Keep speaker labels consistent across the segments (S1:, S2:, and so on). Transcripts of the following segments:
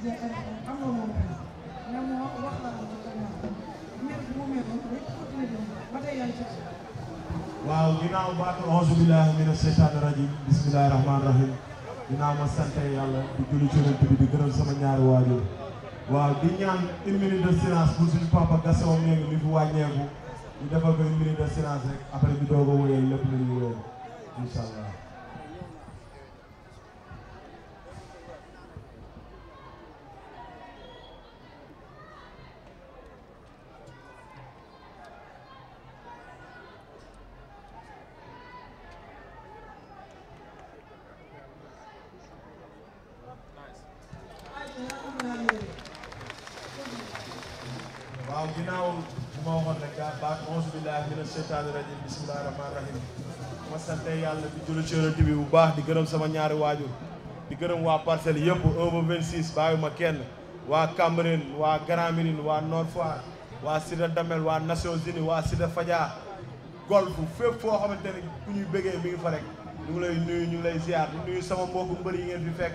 S1: waaw
S2: ginnaaw baatu auzu billaahi mina seytaani rajiim bismillaahi rahmaani rahiim ginnaaw ma sante yàlla di julli ci Yonent bi sama ñaari waajur waaw di ñaan une minute de silence pour suñu papa Gaston Mbengue mi fi wàññeeku ñu defal ko une minute de silence rek après bi doog a lépp lu ñu wéyal allah sheytaani rajim bismillahi rahmaani rahim ma sante yàlla di julli ci yonent bi bu baax di gërëm sama ñaari waajur di gërëm waa parcelle yëpp 1 ba 26 bàyyuma kenn waa Cambérène waa Grand Médine waa Nord Foire waa Cité Damel waa Nations Unies waa Cité Fadia golf fépp foo xamante ni ku ñuy bëggee mi ngi fa rek ñu ngi lay nuyu ñu ngi lay ziar di nuyu sama mbokku mbër yi ngeen fi fekk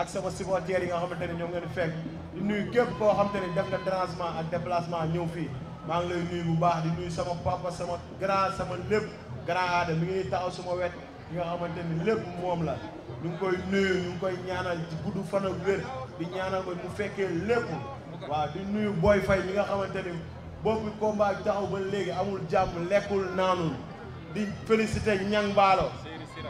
S2: ak sama supporters yi nga xamante ni ñoom ngeen fekk di nuyu képp koo xamante ni def na dérangement ak déplacement ñëw fii maa ngi lay nuyu bu baax di nuyu sama papa sama grand sama lépp grand aada mi ngi taxaw sama wet ñi nga xamante ni lépp moom la ñu ngi koy nuyu ñu ngi koy ñaanal gudd fan ak wér di ñaanal ko mu fekkee lépp waaw di nuyu booy fay mi nga xamante ni boobu combat bi taxaw ba léegi amul jàmm lekkul naanul di félicité Niang Baalo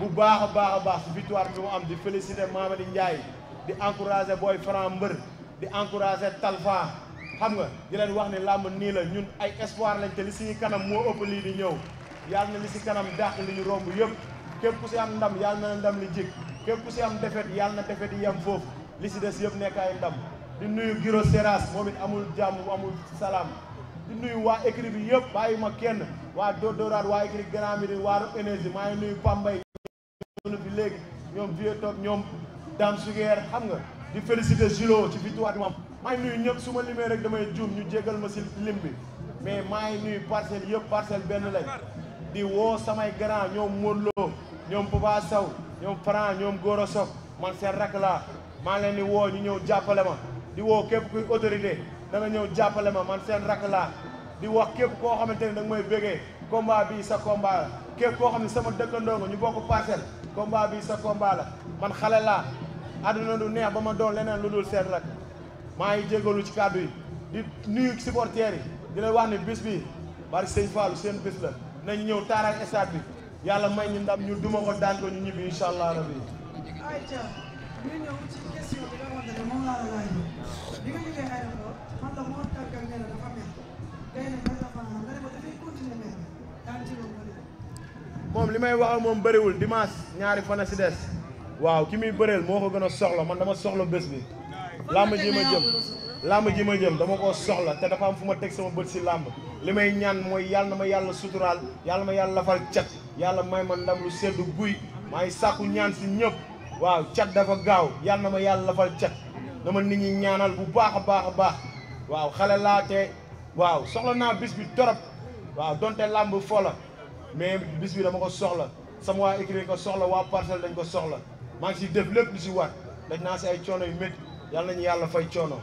S2: bu baax a baax a baax si victoire bi mu am di félicité Mamadi Ndiaye di encouragé Boy Franc mbër di encouragé Talfa xam nga di leen wax ne làmb nii la ñun ay espoir lañ te li suñu kanam moo ëpp lii di ñëw yàlla na li si kanam dàq li ñu romb yëpp képp ku si am ndam yàlla na ndam li jik képp ku si am defet yàlla na defet yi yem foofu li si des yëpp nekk ay ndam di nuyu Giro Seras moom it amul jàmm amul salaam di nuyu waa écrit bi yëpp bàyyi ma kenn waa Dodoraat waa écrit Grand Médine waa Rock Énergie maa ngi nuyu Pambay ñu bi léegi ñoom Vieux Top ñoom Dame Suguer xam nga di féliciter Julo ci victoire bi maa ngi ñëpp suma ma rek damay juum ñu jégal ma si lim bi mais maa ngi nuyu parcelle yëpp parcelle benn lañ di woo samay grand ñoom Modou Lo ñoom Papa Sow ñoom Franc ñoom Goro Sock man seen rak laa maa leen di woo ñu ñëw jàppale ma di woo képp kuy autorité da nga ñëw jàppale ma man seen rak laa di wax képp koo xamante ne da nga béggee bégee combat bii sa combat la képp koo xam ne sama dëkkandoo nga ñu bokk parcelle combat bii sa combat la man xalelaa laa àdduna du neex ba ma doon leneen lu dul seen rak maa ngi jégalu ci kàddu yi di nuyu supporters yi di leen wax ne bis bi bari sëñ Fallou seen bis la nañ ñëw taaral stade bi yàlla may ñu ndam ñu duma ko daan ko ñu ñibbi incha allah rabbi.
S1: ayca ñu ñëw ci question bi nga xamante
S2: ne
S1: moom
S2: moom li may wax moom bëriwul dimanche ñaari fan a si waaw ki muy bëreel moo ko gën a soxla man dama soxla bés bi. làmb ji ma jëm làmb ji ma jëm dama koo soxla te dafa am fu ma teg sama bët si làmb li may ñaan mooy yàlla na ma yàlla suturaal yàlla ma yàlla lafal cat yàlla may ma ndam lu seddu guy maa ngi sàkku ñaan si ñëpp waaw cat dafa gaaw yàlla na ma yàlla lafal cat na ma nit ñi ñaanal bu baax a baax a baax waaw xale laate waaw soxla naa bis bi torop waaw donte làmb foola la mais bis bi dama ko soxla sama waa écrit ko soxla waa parcelle dañ ko soxla maa ngi si def dañ naa si ay coono yu yàlla nañu yàlla fay coono.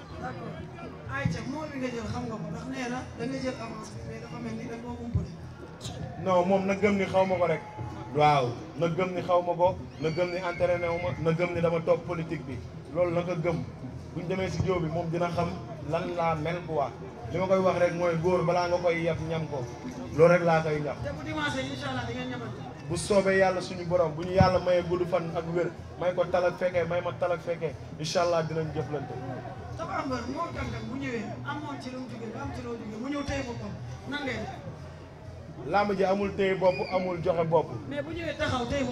S1: ayca moom mi na da ni
S2: da gëm ni xaw ma ko rek. waaw na gën ni xaw ma ko na gëm ni entraîné wu ma na gëm ni dama toog politique bi loolu na ko gëm buñ demee si jiw bi moom dina xam lan laa mel quoi li ma koy wax rek mooy góor balaa nga koy yab ñam ko loolu rek laa koy ñam. bu soobee yàlla suñu borom bu ñu yàlla mayee gudd fan ak wér may ko tal ak fekkee may ma tal ak fekkee incha allah dinañ jëflante.
S1: dafa am bër moo bu ñëw téye boppam
S2: làmb ji amul téye bopp amul joxe bopp.
S1: mais bu ñëwee taxaw téye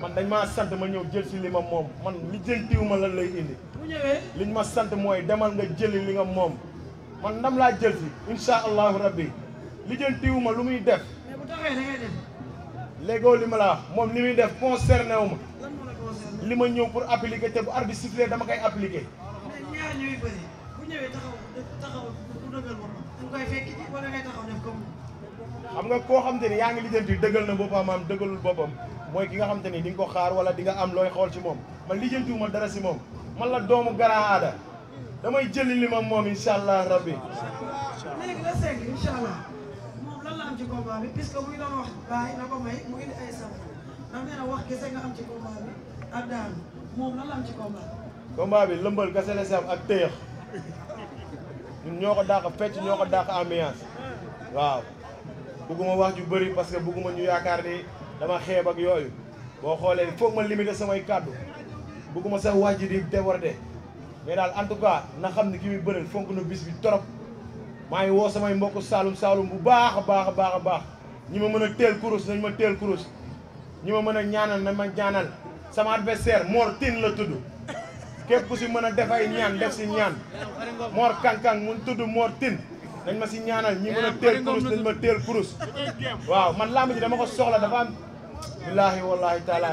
S2: man dañ maa sant ma ñëw jël si li ma moom man li jël tiw ma lan lay indi. bu ñëwee liñ ma sant mooy demal nga jël li nga moom man ndam laa jël si incha allahu rabbi li jël tiw ma lu muy def. def. léegoo li ma la moom li muy def concerné wu ma li ma ñëw pour appliquer te bu arbitre sifflé dama koy appliquer.
S1: mais ñaar ñooy fekk xam
S2: nga koo xam ne ni yaa ngi lijjanti dëggal na boppam maam dëggalul boppam mooy ki nga xam ne ni di nga ko xaar wala di nga am looy xool ci moom man lijjantiwu ma dara si moom man la doomu Grand Ada damay jëli li ma moom incha allah rabbi.
S1: lan la am ci combat bi puisque muy doon wax bàyyi na may mu indi ay sàmm ndax nee wax kese nga am ci combat bi ak daan moom lan la am ci combat
S2: bi. combat bi lëmbal kese la sam ak téyex ñun ñoo ko dàq fecc ñoo ko dàq ambiance waaw bugguma wax ju bëri parce que bugguma ñu yaakaar ni dama xeeb ak yooyu boo ma samay sax di déborder mais daal en tout cas na xam ki muy fonk bis bi may wo sama samay mbokk salum Saalum bu baakha baakha baakha baax ñima mëna tel kurus dañ ma tel kurus ñima mëna ñaanal na ma ñaanal sama adversaire Mor tin la tuddu kep ku si mëna a def ay ñaan def ci ñaan Mor Kankang mu tuddu Mor tin dañ ma ci ñaanal ñima mëna tel kurus dañ eh, eh, ma tel kurus waaw man lamb ji dama ko soxla dafa am billahi wallahi taala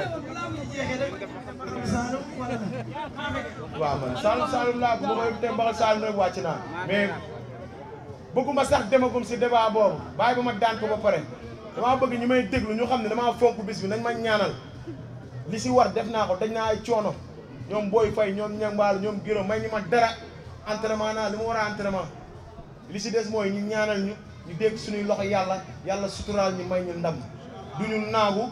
S2: waaw man salum salum la bu ma koy te mbaxal rek nah, mais nah, nah. bëgguma sax demagum si débat boobu bàyyi ba ma daan ko ba pare damaa bëgg ñu may déglu ñu xam ne damaa fonk bis bi nañ ma ñaanal li si war def naa ko dañ naa ay coono ñoom booy fay ñoom ñambaal ñoom giro may ñu ma dara entraînement naa li ma war a entraînement li si des mooy ñu ñaanal ñu ñu dégg suñuy loxo yàlla yàlla suturaal ñu may ñu ndam duñu naagu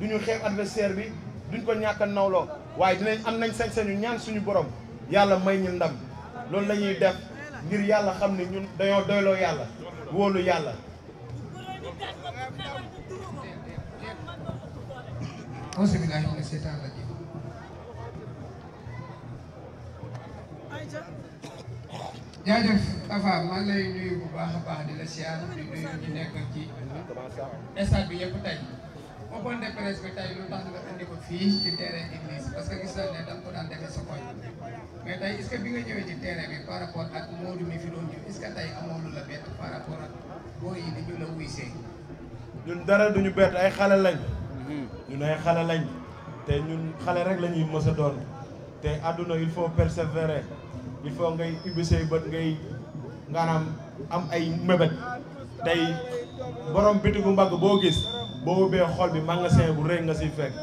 S2: duñu xeeb adversaire bi duñ ko ñàkk a nawloo waaye dinañ am nañ sañ-sañu ñaan suñu borom yàlla may ñu ndam loolu la ñuy ngir yàlla xam ne ñun dañoo doyloo yàlla wóolu yàlla
S1: auzu billaahi bu baax a baax la siyaar di nuyu nekk ci stade bi yëpp tey open de presse bi tey lu tax nga indi fii ci terrain église parce que gis nañ ne da ko daan defee sa koñ mais
S2: dara duñu bett ay xale lañ. Mhm. ñun ay xale lañ te ñun xale rek la ñuy mës a doon te àdduna il faut persévérer il faut ngay ubbi bët ngay maanaam am ay mébét tey borom bitigu mbagg boo gis boo ubbee xol bi magasin bu rëy nga siy fekk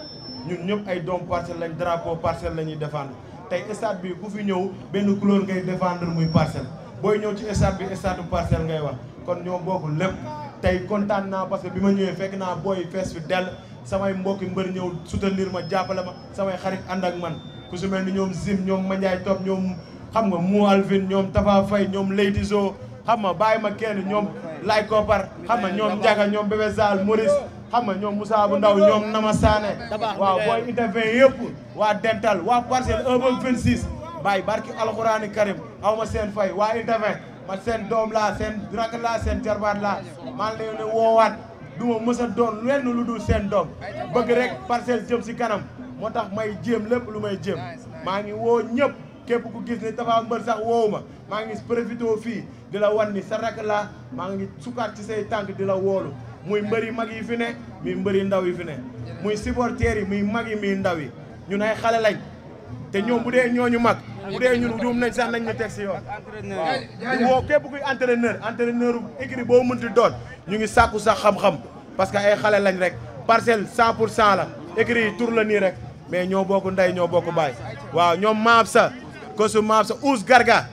S2: ñun ñëpp ay doom parcelle lañ drapeau parcelle la ñuy défendre. tey stade bi ku fi ñëw benn couleur ngay défendre muy parcelle booy ñëw ci stade bi stade bu parcelle ngay wax kon ñoo bokk lépp tey kontaan naa parce que bi ma ñëwee fekk naa booy fees fi dell samay mbokki mbër ñëw soutenir ma jàppale ma samay xarit ànd ak man ku su ni ñoom Zim ñoom Mandiaye Top ñoom xam nga mu Alvin ñoom Tafa fay ñoom Leyti Zo xam ma bàyyi ma kenn ñoom Lay Kopar xam nga ñoom Ndiaga ñoom Bébé Sall Maurice xam nga ñoom Moussa bu ndaw ñoom Nama Sané waaw booy interview yëpp waa dental waa parcelle 1 ba 26 bàyyi barki alxuraani karim aw ma seen fay waa interview man seen doom laa seen rakk laa seen jarbaat laa maa ngi leen di woowaat du ma mës doon lenn lu dul seen doom bëgg rek parcelle jëm si kanam moo tax may jéem lépp lu may jéem maa ngi woo ñëpp képp ku gis ne dafa mbër sax woowu ma maa ngi profité fii di la wan ni sa rakk laa maa ngi sukkaat ci tànk di la woolu muy mbeuri mag yi fi ne mi mbeuri ndaw yi fi ne muy supporter yi muy mag yi muy ndaw yi ñun ay xalé lañ té ñoom bu dee ñooñu mag bu dee ñun juum nañ sax nañ ñu tek ci yoon di képp kuy entraîneur entraîneur équipe bo mënti doon ñu ngi saku sax xam-xam parce que ay xalé lañ rek Parcel 100% la écrit yi la ni rek mais ñoo bokk nday ñoo bokk bay waaw ñoom maab sa su maab sa ous garga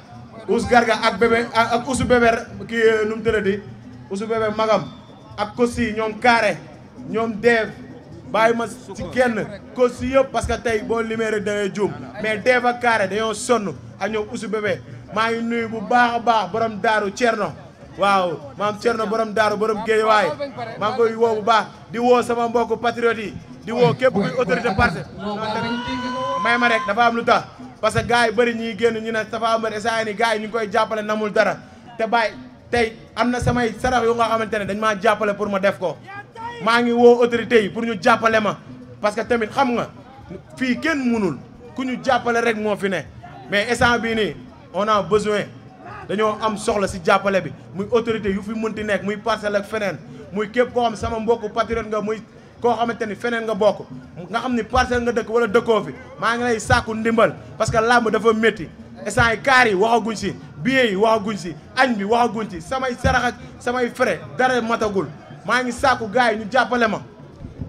S2: ous garga ak bébé ak usu bébé kii num di usu bébé magam ak kosi ñoom Kaare ñoom Dev bàyyi ma ci kenn kosi yëpp parce que tey boo limee rek da ngay juum mais Dev ak Kaare dañoo sonn ak ñoom usu bébé maa ngi nuyu bu baax a baax borom daaru Thierno waaw maam Thierno borom daaru borom Géejawaay maa ngi koy woo bu baax di woo sama mbooku patriotes di woo képp kuy autorité parti may ma rek dafa am lu tax parce que gars yi bëri ñuy génn ñu ne dafa am bëri saa ni gars yi ñu ngi koy jàppale namul dara te bàyyi tey am na samay sarax yu nga xamante ne dañ maa jàppale pour ma def ko maa ngi woo autorité yi pour ñu jàppale ma parce que tamit xam nga fii kenn mënul ku ñu jàppale rek moo fi ne mais instant bii nii on a besoin dañoo am soxla si jàppale bi muy autorité yu fi ti nekk muy parcel ak feneen muy képp koo xam sama mbokku patriote nga muy koo xamante ni feneen nga bokk nga xam ni parcelle nga dëkk wala dëkkoo fi maa ngi lay sàkku ndimbal parce que làmb dafa métti instant yi yi waxaguñ si billets yi waxaguñ si añ bi waxaguñ si samay sarax ak samay frais dara matagul maa ngi sàkku gars ñu jàppale ma.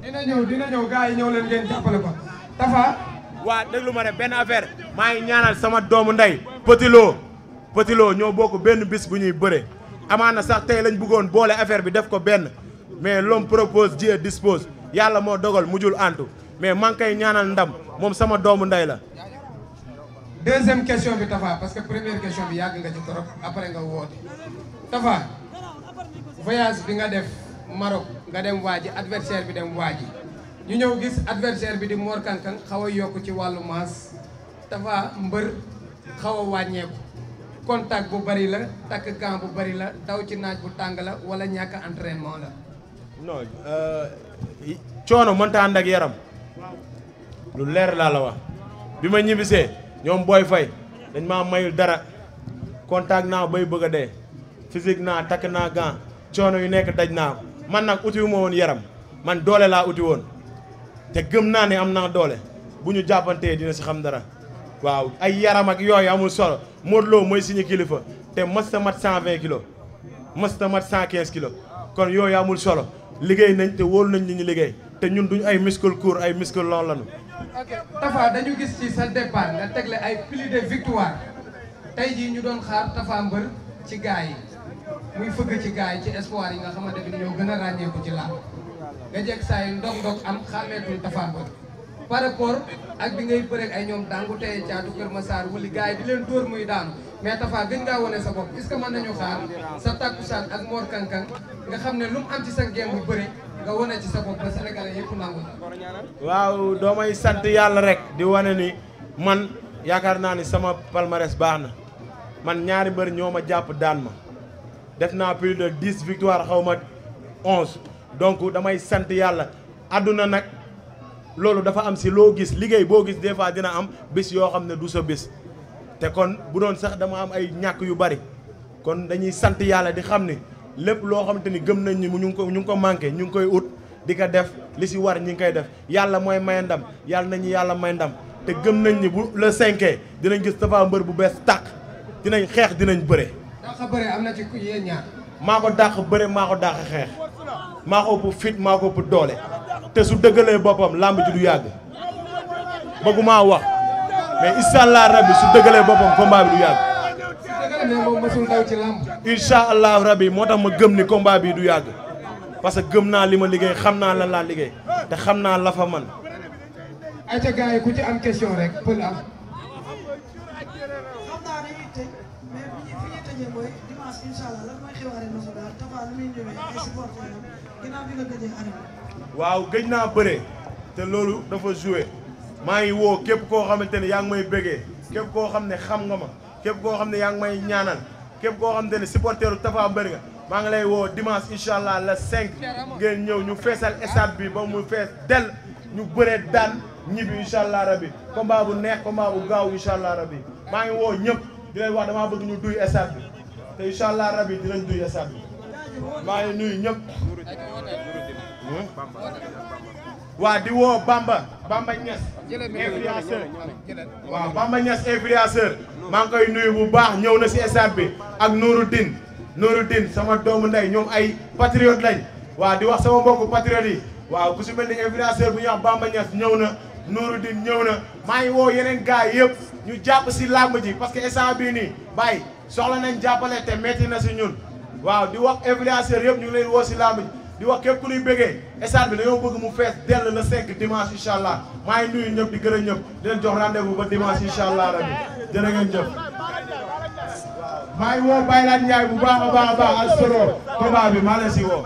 S2: dina ñëw dina ñëw gars yi ñëw leen Tafa. waa déglu ma ne benn affaire maa ngi ñaanal sama doomu ndey Petit Lo Petit Lo ñoo bokk benn bis bu ñuy bëre amaana sax tey lañ bëggoon boole affaire bi def ko benn mais lom propose Dieu dispose yàlla moo dogal mujjul antu mais maa koy ñaanal ndam moom sama doomu ndey la. deuxième question bi tafaa
S1: parce que première question bi yàgg nga ci trop après nga woote Tafa voyage bi nga def Maroc nga dem waaji adversaire bi dem waaji ñu ñëw gis adversaire bi di Mor Kang Kang xaw a yokk ci wàllu maas Tafa mbër xaw a wàññeeku contact bu bari la takk gant bu bari la daw ci naaj bu tàng la wala ñàkk entraînement la.
S2: non euh, coono mënta ànd ak yaram lu leer laa la wax bi ma ñibbisee. ñoom booy fay dañ maa mayul dara contact naa bay bëgg a dee physique naa takk naa gant coono yu nekk daj naa ko man nag uti wu ma woon yaram man doole laa uti woon te gëm naa ni am naa doole bu ñu jàppantee dina si xam dara waaw ay yaram ak yooyu amul solo Modou Lo mooy suñu kilifa te mës mat 120 kilos mës ta mat 115 kilos kon yooyu amul solo liggéey nañ te wóolu nañ li ñu liggéey te ñun duñu ay muscle court ay muscle long lañu
S1: Tafa dañu gis ci sa départ nga tegle ay pli de victoire tey jii ñu doon xaar Tafa mbër ci gaa yi muy fëgg ci gaay yi ci espoir yi nga xamante ni ñoo gën a ràññeeku ci làmb nga jekk saa yu ndog-ndog am xàmmeetul Tafa mbër par rapport ak bi ngay bëreeg ay ñoom dangu teye caatu Kër Massar wuli gaay yi di leen dóor muy daanu mais Tafa gën ngaa wane sa bopp est-ce que mën nañu xaar sa takkusaan ak Mor Kankan nga xam ne lu mu am ci sa ngeen bu bëre Wow, wane ci sa
S2: waaw rek di wane ni man yaakaar ni sama palmarès baax man ñaari mbër ñoo ma jàpp daan ma def naa plus de dix victoire xaw ma onze donc damay sant yàlla aduna nak loolu dafa am si logis, gis bogis. boo gis des fois dina am bis yo xam ne du sa bis te kon bu doon sax dama am ay nyaku yu bari kon dañuy sant yàlla di xam ni lépp loo xamante ni gëm nañ ni mu ñu ko ñu ngi ko manqué ñu ngi koy ut di ko def li si war ñu ngi koy def yàlla mooy may ndam yàlla nañu yàlla may ndam te gëm nañ ni bu la cinqué dinañ gis Tapha mbër bu bees tàq dinañ xeex dinañ bëre.
S1: bëre am na
S2: maa ko dàq bëre maa ko dàq xeex maa ko ëpp fit maa ko ëpp doole te su dëggalee boppam làmb ji du yàgg bëgguma wax mais incha allah rabbi su dëggalee boppam combat bi du yàgg. incha allahu moo tax ma gëm ni bii du yàgg que gëm naa li ma liggéey xam naa laa liggéey te xam naa la fa man
S1: ci am question rek
S2: waaw gëj naa bëre te loolu dafa joué maa ngi woo képp koo xamante ne yaa ngi may bëggee képp koo xam ne xam nga ma. képp goo xam ne yaa ngi may ñaanal képp koo xam te ne supporteru Tapha Mbeur nga maa ngi lay woo dimanche incha allah le 5 ngeen ñëw ñu feesal stade bi ba mu fees del ñu bëree daan ñibbi incha allah rabi combat bu neex combat bu gaaw incha allah rabi maa ngi woo ñëpp di leen wax damaa bëgg ñu duy stade bi te incha allah rabi dinañ duy stade bi maa ngi ñëpp. waa di woo Bamba Bamba Niass influenceur waaw Bamba Niass influenceur maa ngi koy nuyu bu baax ñëw na si stade bi ak din Nouroudine Nouroudine sama doomu ndey ñoom ay patriote lañ waaw di wax sama mbokku patriote yi waaw ku si mel ni influenceur bu ñuy wax Bamba Niass ñëw na Nouroudine ñëw na maa ngi woo yeneen gars yëpp ñu jàpp si làmb ji parce que bi bii nii bàyyi soxla nañ jàppale te metti na si ñun waaw di wax influenceur yëpp ñu ngi leen woo si làmb ji di wax képp ku ñuy bëggee stade bi dañoo bëgg mu fees dell le 5 dimanche incha allah maa ngi nuyu ñëpp di gërëm ñëpp di leen jox rendez-vous ba dimanche incha allah rabi jërë ngeen jëf. maa ngi woo Baye Laat Ndiaye bu baax a baax a baax ak bi maa si woo.